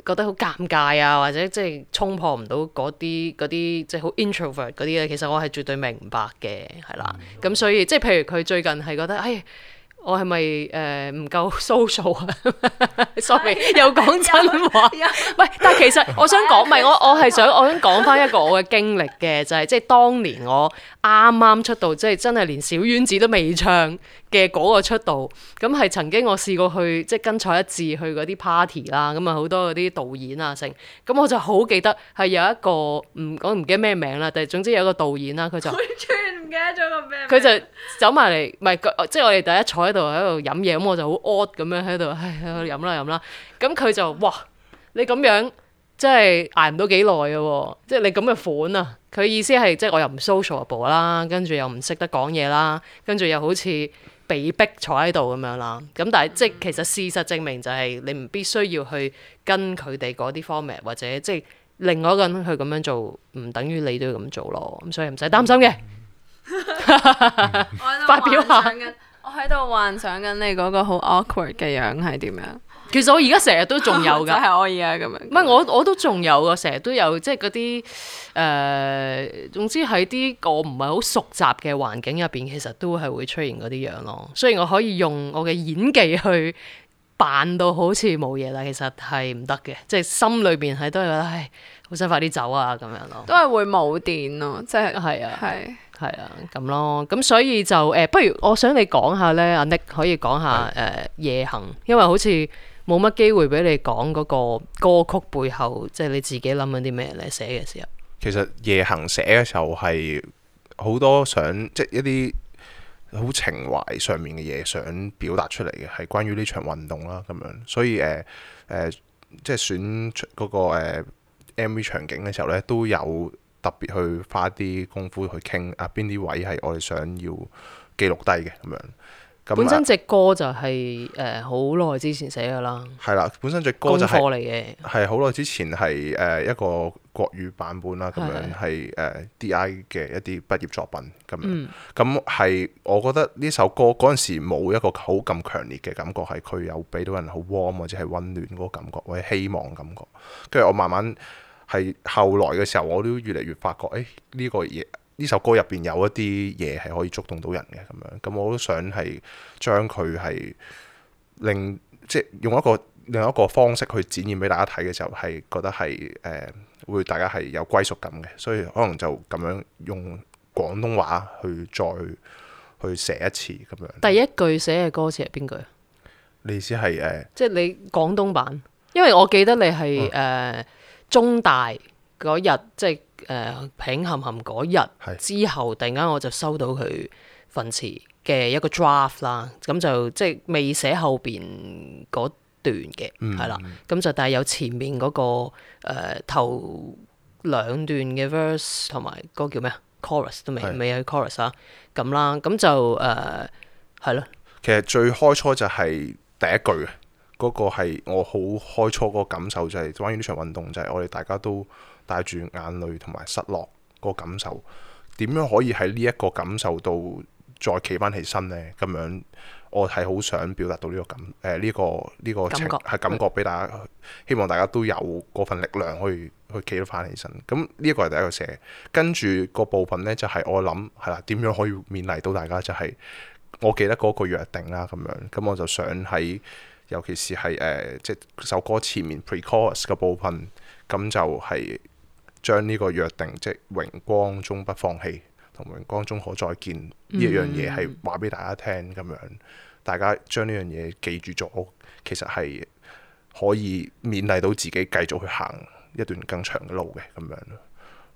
覺得好尷尬啊，或者即係衝破唔到嗰啲嗰啲即係好 introvert 嗰啲咧，其實我係絕對明白嘅，係啦。咁、嗯、所以即係譬如佢最近係覺得誒。哎我係咪誒唔夠 social 啊？sorry，又講真話。喂 有，但係其實我想講，唔 我我係想我想講翻一個我嘅經歷嘅，就係即係當年我啱啱出道，即係真係連小丸子都未唱嘅嗰個出道。咁係曾經我試過去即係跟蔡一智去嗰啲 party 啦，咁啊好多嗰啲導演啊，成咁我就好記得係有一個唔我唔記得咩名啦，但係總之有一個導演啦，佢就。 佢就走埋嚟，唔係即係我哋第一坐喺度喺度飲嘢，咁我就好 odd 咁樣喺度唉，飲啦飲啦。咁佢就哇，你咁樣即係捱唔到幾耐嘅，即係你咁嘅款啊。佢意思係即係我又唔 socialable 啦，跟住又唔識得講嘢啦，跟住又好似被逼坐喺度咁樣啦。咁但係即係其實事實證明就係你唔必須要去跟佢哋嗰啲 format 或者即係另外一個人去咁樣做，唔等於你都要咁做咯。咁所以唔使擔心嘅。 我發表下，我喺度幻想緊你嗰個好 awkward 嘅樣係點樣？其實我而家成日都仲有噶，可以啊咁樣。唔係我我都仲有噶，成日都有即係嗰啲誒，總之喺啲我唔係好熟習嘅環境入邊，其實都係會出現嗰啲樣咯。雖然我可以用我嘅演技去扮到好似冇嘢，但其實係唔得嘅，即係心裏邊係都係覺得唉，好想快啲走啊咁樣咯。都係會冇電咯，即係係啊，係。 係啊，咁咯，咁所以就誒、欸，不如我想你講下咧，阿 Nick 可以講下誒的、呃、夜行，因為好似冇乜機會俾你講嗰個歌曲背後，即、就、係、是、你自己諗緊啲咩咧？寫嘅時候，其實夜行寫嘅時候係好多想即係、就是、一啲好情懷上面嘅嘢想表達出嚟嘅，係關於呢場運動啦咁樣，所以誒誒即係選出、那、嗰個、呃、MV 場景嘅時候咧都有。特別去花啲功夫去傾啊，邊啲位係我哋想要記錄低嘅咁樣。咁本身隻歌就係誒好耐之前寫嘅啦。係啦，本身隻歌就係嚟嘅係好耐之前係誒一個國語版本啦，咁樣係誒 D.I. 嘅一啲畢業作品咁，咁係我覺得呢首歌嗰陣時冇一個好咁強烈嘅感覺，係佢有俾到人好 warm 或者係溫暖嗰個感覺或者希望感覺。跟住我慢慢。係後來嘅時候，我都越嚟越發覺，誒、哎、呢、這個嘢，呢首歌入邊有一啲嘢係可以觸動到人嘅，咁樣，咁我都想係將佢係令即係用一個另一個方式去展現俾大家睇嘅時候，係覺得係誒、呃、會大家係有歸屬感嘅，所以可能就咁樣用廣東話去再去寫一次咁樣。第一句寫嘅歌詞係邊句？你意思係誒？即、呃、係你廣東版，因為我記得你係誒。嗯中大嗰日，即係誒、呃、平冚冚嗰日是之後，突然間我就收到佢份詞嘅一個 draft 啦，咁就即係未寫後邊嗰段嘅，係、嗯、啦，咁就但係有前面嗰、那個誒、呃、頭兩段嘅 verse，同埋嗰個叫咩啊 chorus 都未是未有 chorus 啊，咁、呃、啦，咁就誒係咯。其實最開初就係第一句啊。嗰個係我好開初嗰個感受，就係、是、關於呢場運動，就係、是、我哋大家都帶住眼淚同埋失落個感受。點樣可以喺呢一個感受到再企翻起身呢？咁樣我係好想表達到呢個感誒呢、呃呢個呢、呢個情係感覺俾、啊、大家，希望大家都有嗰份力量，可以去企得翻起身。咁呢一個係第一個寫，跟住個部分呢，就係、是、我諗係啦，點樣可以勉勵到大家？就係、是、我記得嗰個約定啦，咁樣咁我就想喺。尤其是係誒、呃，即首歌前面 pre-chorus 嘅部分，咁就係將呢個約定，即榮光中不放棄，同榮光中可再見呢樣嘢，係話俾大家聽咁樣。大家將呢樣嘢記住咗，其實係可以勉勵到自己繼續去行一段更長嘅路嘅咁樣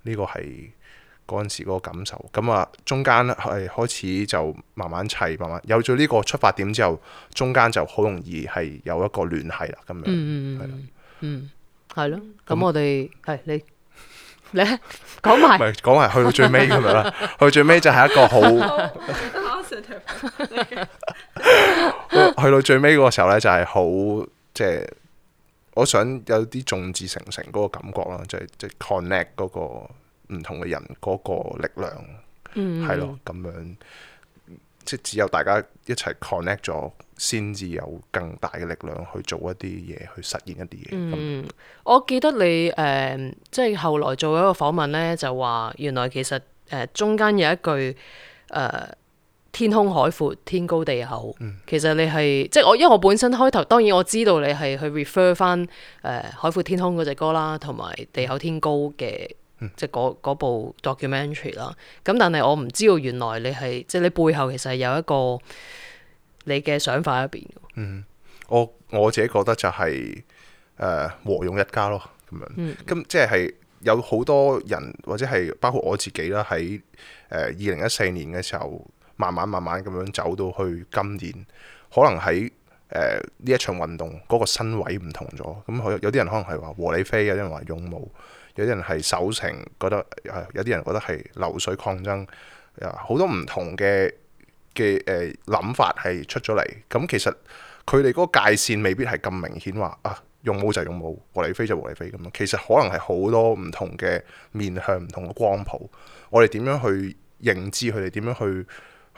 呢個係。嗰陣時嗰個感受，咁啊，中間係開始就慢慢砌，慢慢有咗呢個出發點之後，中間就好容易係有一個聯繫啦，咁樣係啦，嗯，係咯。咁我哋係、 哎、你，你講埋，唔係講埋去到最尾咁樣啦。去最尾就係一個好，去 到最尾嗰個時候咧，就係好即係，我想有啲眾志成城嗰個感覺啦，就係即係 connect 嗰、那個。唔同嘅人嗰個力量，係咯咁樣，即只有大家一齊 connect 咗，先至有更大嘅力量去做一啲嘢，去實現一啲嘢。嗯、那我記得你誒、呃，即係後來做一個訪問呢，就話原來其實誒、呃、中間有一句誒、呃、天空海闊天高地厚。嗯、其實你係即係我，因為我本身開頭當然我知道你係去 refer 翻誒、呃、海闊天空嗰隻歌啦，同埋地厚天高嘅。嗯即係嗰部 documentary 啦，咁但係我唔知道原來你係即係你背後其實係有一個你嘅想法喺入面。嗯，我我自己覺得就係、是、誒、呃、和勇一家咯咁樣。咁、嗯、即係有好多人或者係包括我自己啦，喺誒二零一四年嘅時候，慢慢慢慢咁樣走到去今年，可能喺誒呢一場運動嗰個身位唔同咗。咁有有啲人可能係話和理非，有啲人話勇武。有啲人係守城，覺得誒有啲人覺得係流水抗爭，好多唔同嘅嘅誒諗法係出咗嚟。咁其實佢哋嗰個界線未必係咁明顯，話啊用武就用武，和你飛就和你飛咁咯。其實可能係好多唔同嘅面向、唔同嘅光譜，我哋點樣去認知佢哋點樣去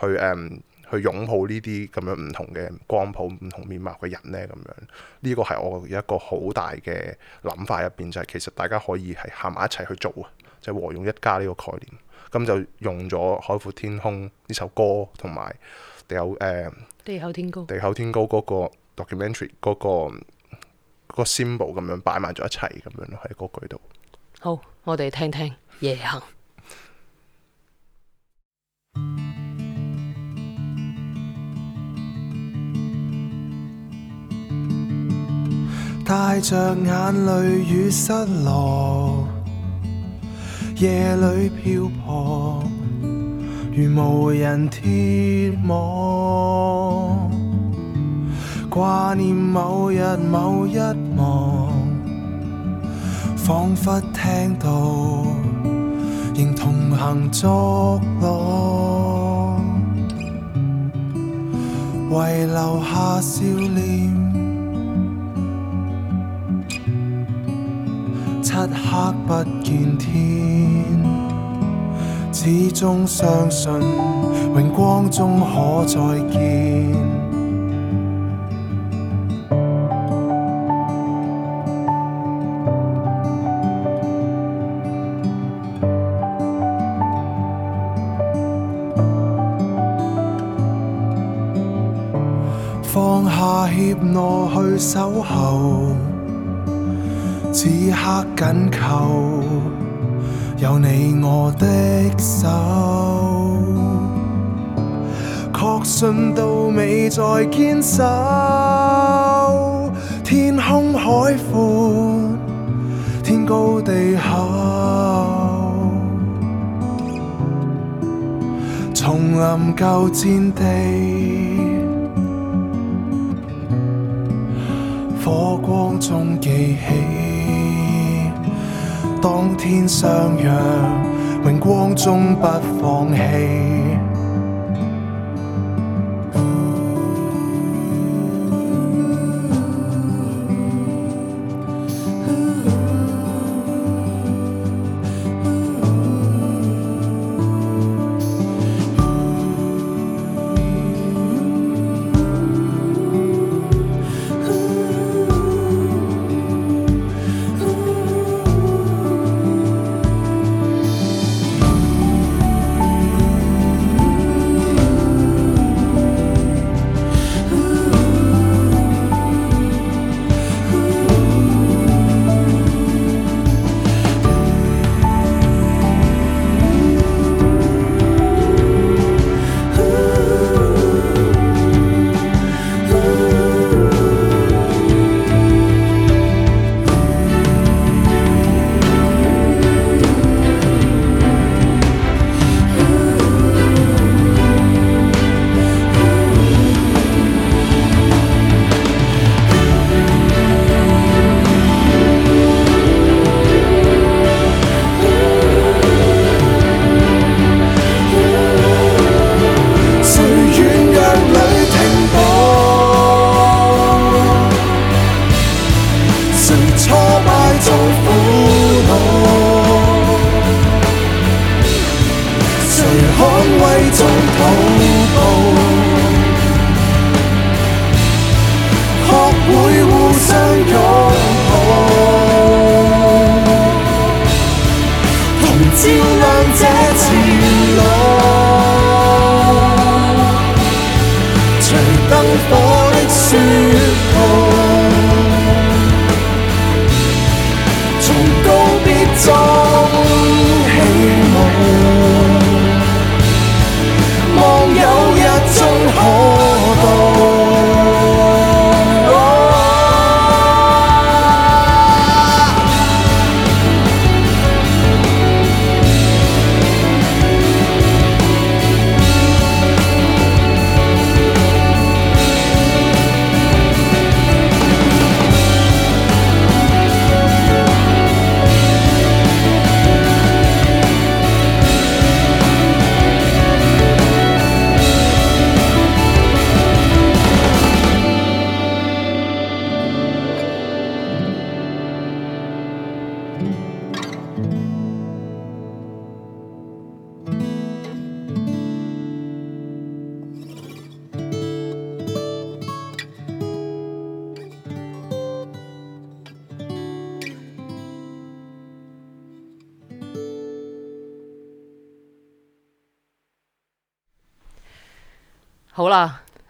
去誒？嗯去擁抱呢啲咁樣唔同嘅光譜、唔同面貌嘅人呢。咁樣呢個係我一個好大嘅諗法入邊，就係、是、其實大家可以係行埋一齊去做啊，即、就、係、是、和勇一家呢個概念。咁就用咗《海闊天空》呢首歌，同埋有誒《地厚、呃、天高》《地厚天高、嗰個》嗰個 documentary 嗰個 symbol 咁樣擺埋咗一齊咁樣喺個句度。好，我哋聽聽夜行。帶着眼淚與失落，夜裏漂泊，如無人天幕。掛念某日某一望，彷彿聽到，仍同行逐浪，遺留下笑臉。漆黑不見天，始終相信榮光終可再見。放下怯懦去守候。此刻緊扣，有你我的手，確信到未再堅守。天空海闊，天高地厚，重臨舊戰地，火光中記起。當天相約，榮光終不放棄。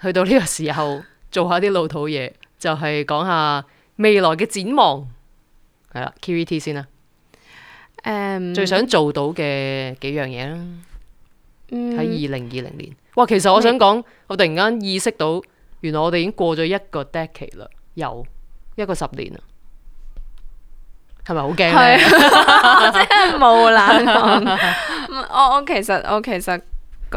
去到呢個時候做下啲老土嘢，就係、是、講下未來嘅展望，係啦，Kiri T 先啦，um, 最想做到嘅幾樣嘢啦，喺二零二零年，um, 哇，其實我想講，um, 我突然間意識到，原來我哋已經過咗一個 decade 啦，又一個十年啦，係咪好驚咧？真係冇難，我我其實我其實誒。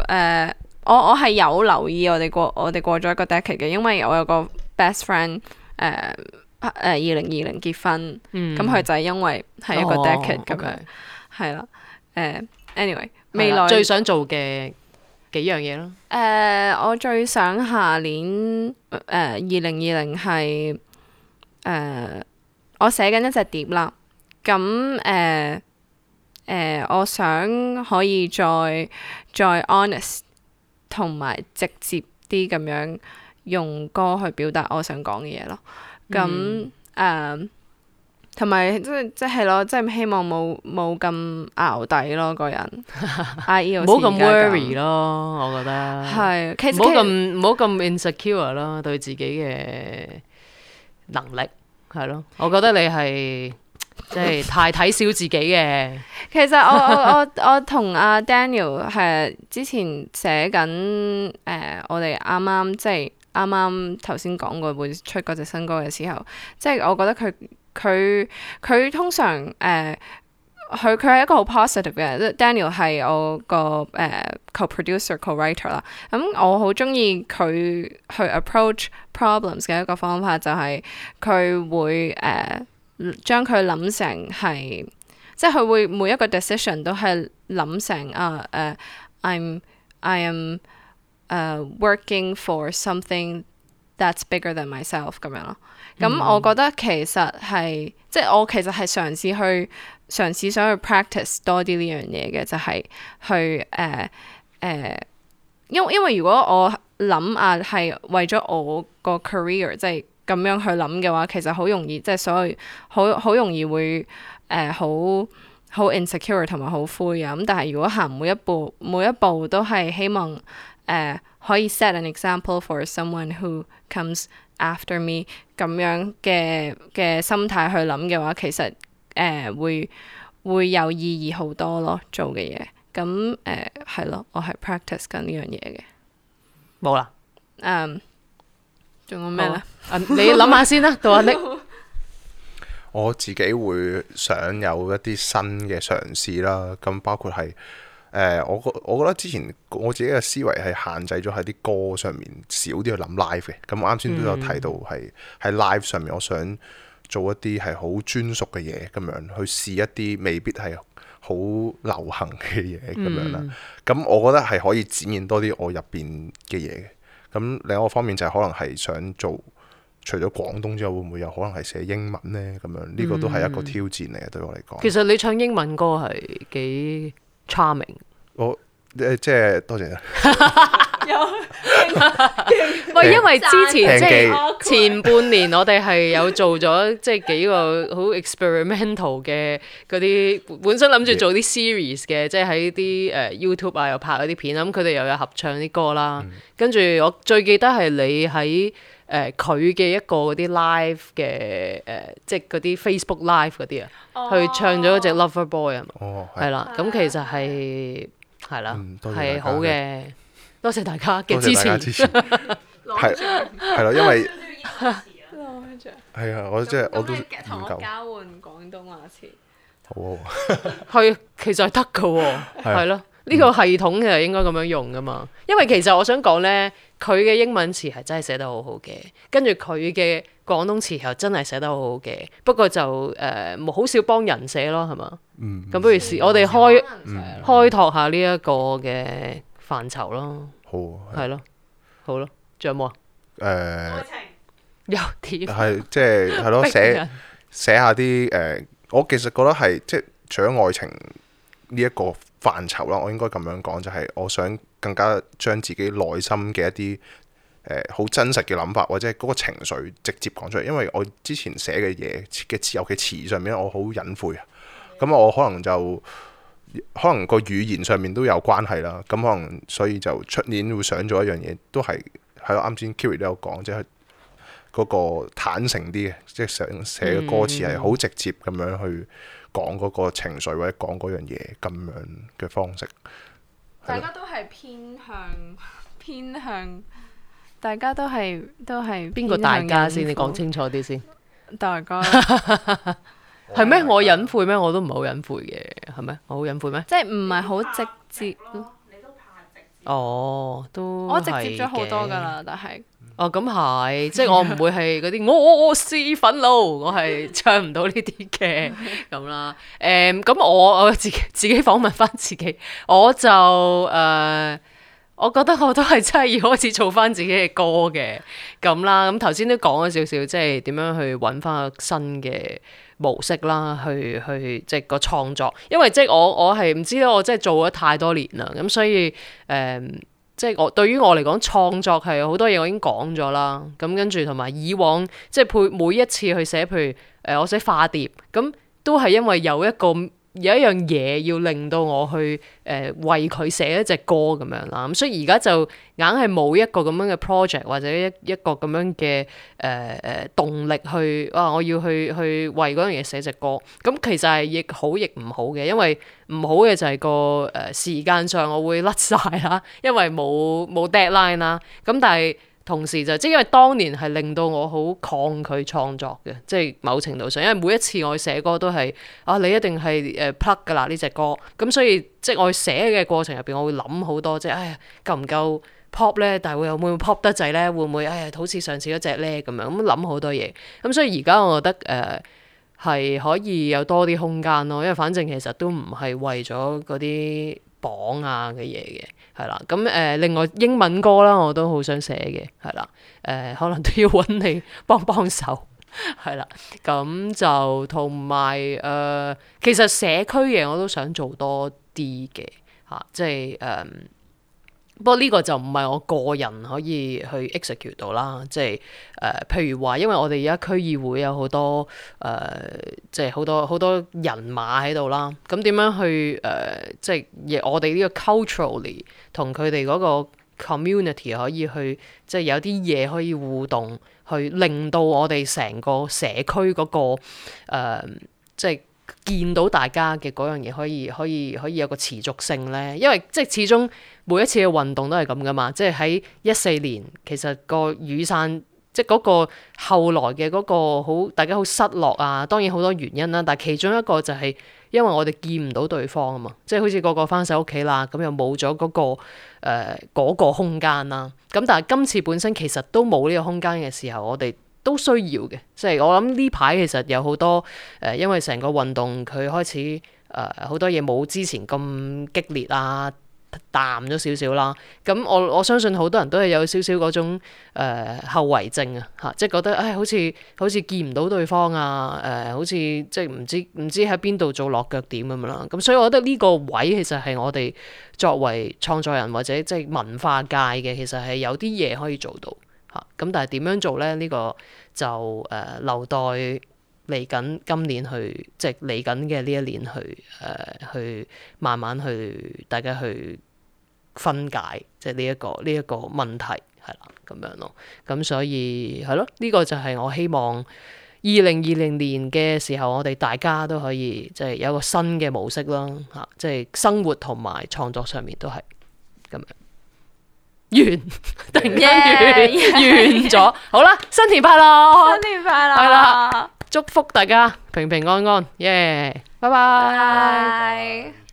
呃我我係有留意我哋過我哋過咗一個 decade 嘅，因為我有個 best friend 誒誒二零二零結婚，咁佢、嗯、就係因為係一個 decade 咁樣，哦，係啦誒。okay. uh, anyway，的未來最想做嘅幾樣嘢咯。誒，uh, 我最想下年誒二零二零係誒我寫緊一隻碟啦，咁誒誒我想可以再再 honest。同埋直接啲咁樣用歌去表達我想講嘅嘢咯，咁誒、嗯，同埋即係即係咯，即係希望冇冇咁淆底咯個人，唔 好咁 worry 咯，我覺得係，冇咁冇咁 insecure 咯，對自己嘅能力係咯，我覺得你係。即係太睇小自己嘅。 其實我我我我同阿、啊、Daniel 係之前寫緊誒，我哋啱啱即係啱啱頭先講過會出嗰隻新歌嘅時候，即、就、係、是、我覺得佢佢佢通常誒，佢佢係一個好 positive 嘅。Daniel 係我個誒、呃、co-producer co-writer 啦。咁、嗯、我好中意佢去 approach problems 嘅一個方法就係、是、佢會誒。呃將佢諗成係，即係佢會每一個 decision 都係諗成、嗯、啊誒 I'm I'm、uh, working for something that's bigger than myself 咁樣咯。咁、嗯嗯、我覺得其實係，即係我其實係嘗試去嘗試想去 practice 多啲呢樣嘢嘅，就係、是、去誒，誒、呃呃，因為因為如果我諗啊係為咗我個 career 即係。咁樣去諗嘅話，其實好容易，即係所有好好容易會誒好好 insecure 同埋好灰啊。咁但係如果行每一步每一步都係希望誒、呃、可以 set an example for someone who comes after me 咁樣嘅嘅心態去諗嘅話，其實誒、呃、會會有意義好多咯，做嘅嘢。咁誒係咯，我係 practice 緊呢樣嘢嘅。冇啦。嗯。Um, 仲有咩咧？ 你諗下先啦， 到阿你。我自己會想有一啲新嘅嘗試啦，咁包括係誒，我、呃、我我覺得之前我自己嘅思維係限制咗喺啲歌上面，少啲去諗 live 嘅，咁我啱先都有提到係喺 live 上面，我想做一啲係好專屬嘅嘢，咁樣去試一啲未必係好流行嘅嘢咁樣啦。咁我覺得係可以展現多啲我入邊嘅嘢。咁另外一個方面就係可能係想做，除咗廣東之外，會唔會有可能係寫英文呢？咁樣呢、這個都係一個挑戰嚟嘅，嗯、對我嚟講。其實你唱英文歌係幾 charming。我誒，即、呃、係、就是、多謝你。 有，喂，因為之前即係前半年，我哋係有做咗即係幾個好 experimental 嘅嗰啲，本身諗住做啲 series 嘅，即係喺啲誒 YouTube 啊，又拍嗰啲片。咁佢哋又有合唱啲歌啦。嗯、跟住我最記得係你喺誒佢嘅一個嗰啲 live 嘅誒、呃，即係嗰啲 Facebook Live 嗰啲啊，oh. 去唱咗隻 Lover Boy 啊、oh。哦，係啦，咁其實係係啦，係、yeah. 嗯嗯嗯、好嘅。多謝大家嘅支持。係係咯，因為係啊，我即係我都同我交換廣東話詞。好啊，係，其實係得噶，係咯，呢個系統其實應該咁樣用噶嘛。因為其實我想講咧，佢嘅英文詞係真係寫得好好嘅，跟住佢嘅廣東詞又真係寫得好好嘅。不過就誒，好少幫人寫咯，係嘛。嗯。咁不如試我哋開開拓下呢一個嘅範疇咯，係咯，好咯的，仲的有冇啊？誒、呃，有啲情，係即係係咯，寫 寫下啲誒、呃，我其實覺得係即係，除咗愛情呢一個範疇啦，我應該咁樣講，就係、是、我想更加將自己內心嘅一啲誒好真實嘅諗法或者係嗰個情緒直接講出嚟，因為我之前寫嘅嘢嘅詞，尤其詞上面我好隱晦，咁的我可能就。可能個語言上面都有關係啦，咁可能所以就出年會想做一樣嘢，都係喺啱先 Kiri 都有講，即係嗰個坦誠啲嘅，即係寫嘅歌詞係好直接咁樣去講嗰個情緒或者講嗰樣嘢咁樣嘅方式。大家都係偏向偏向，大家都係都係邊個大家先？你講清楚啲先。大哥。 係咩？我隱晦咩？我都唔好隱晦嘅，係咩？我好隱晦咩？即係唔係好直接咯？你都怕直？哦，都我直接咗好多㗎喇，但係哦咁係，即係我唔會係嗰啲我我我私憤怒，我係唱唔到呢啲嘅咁啦。誒 咁、嗯、我我自己自己訪問返自己，我就誒。呃我覺得我都係真係要開始做翻自己嘅歌嘅咁啦，咁頭先都講咗少少，即係點樣去揾翻個新嘅模式啦，去去即係個創作，因為即係我我係唔知道，我真係做咗太多年啦，咁所以誒，即係我對於我嚟講創作係好多嘢，我已經講咗啦，咁跟住同埋以往即係配每一次去寫，譬如誒我寫化蝶，咁都係因為有一個。有一樣嘢要令到我去誒、呃、為佢寫一隻歌咁樣啦，咁、嗯、所以而家就硬係冇一個咁樣嘅 project 或者一一個咁樣嘅誒誒動力去啊、呃，我要去去為嗰樣嘢寫隻歌。咁、嗯、其實係亦好亦唔好嘅，因為唔好嘅就係個誒、呃、時間上我會甩晒啦，因為冇冇 deadline 啦。咁、嗯、但係，同時就即係因為當年係令到我好抗拒創作嘅，即係某程度上，因為每一次我去寫歌都係啊，你一定係誒 pop 嘅啦呢隻歌，咁、嗯、所以即係我寫嘅過程入邊，我會諗好多，即係唉、哎、夠唔夠 pop 咧？但係會會唔會 pop 得滯咧？會唔會唉、哎、好似上次嗰隻咧咁樣？咁諗好多嘢，咁、嗯、所以而家我覺得誒係、呃、可以有多啲空間咯，因為反正其實都唔係為咗嗰啲榜啊嘅嘢嘅。係啦，咁誒，另外英文歌啦，我都好想寫嘅，係啦，誒、呃，可能都要搵你幫幫手，係啦，咁就同埋誒，其實社區嘢我都想做多啲嘅，嚇、啊，即係誒，不過呢個就唔係我個人可以去 execute 到啦，即係誒、呃，譬如話，因為我哋而家區議會有好多誒、呃，即係好多好多人馬喺度啦，咁點樣去誒，即係我哋呢個 culturally。同佢哋嗰個 community 可以去，即係有啲嘢可以互動，去令到我哋成個社區嗰個誒，即係見到大家嘅嗰樣嘢可以可以可以有個持續性咧。因為即係始終每一次嘅運動都係咁噶嘛，即係喺一四年其實個雨傘。即係嗰個後來嘅嗰個好，大家好失落啊！當然好多原因啦，啊，但係其中一個就係因為我哋見唔到對方啊嘛，即係好似個個返晒屋企啦，咁又冇咗嗰個誒嗰個空間啦。咁但係今次本身其實都冇呢個空間嘅時候，我哋都需要嘅。即係我諗呢排其實有好多誒，因為成個運動佢開始誒好多嘢冇之前咁激烈啊。淡咗少少啦，咁我我相信好多人都係有少少嗰種誒、呃、後遺症啊，吓即係覺得誒、哎、好似好似見唔到對方啊，誒、呃、好似即係唔知唔知喺邊度做落腳點咁樣啦，咁、啊、所以我覺得呢個位其實係我哋作為創作人或者即係文化界嘅，其實係有啲嘢可以做到吓，咁、啊、但係點樣做咧呢、這個就誒、呃、留待。嚟緊今年去，即係嚟緊嘅呢一年去，誒、呃，去慢慢去，大家去分解，即係呢一個呢一個問題，係啦，咁樣咯。咁所以係咯，呢個就係我希望二零二零年嘅時候，我哋大家都可以即係有一個新嘅模式啦，吓，即係生活同埋創作上面都係咁樣。完，突然間完 yeah, yeah. 完咗，好啦，新，新年快樂，新年快樂，係啦。祝福大家平平安安，耶！拜拜。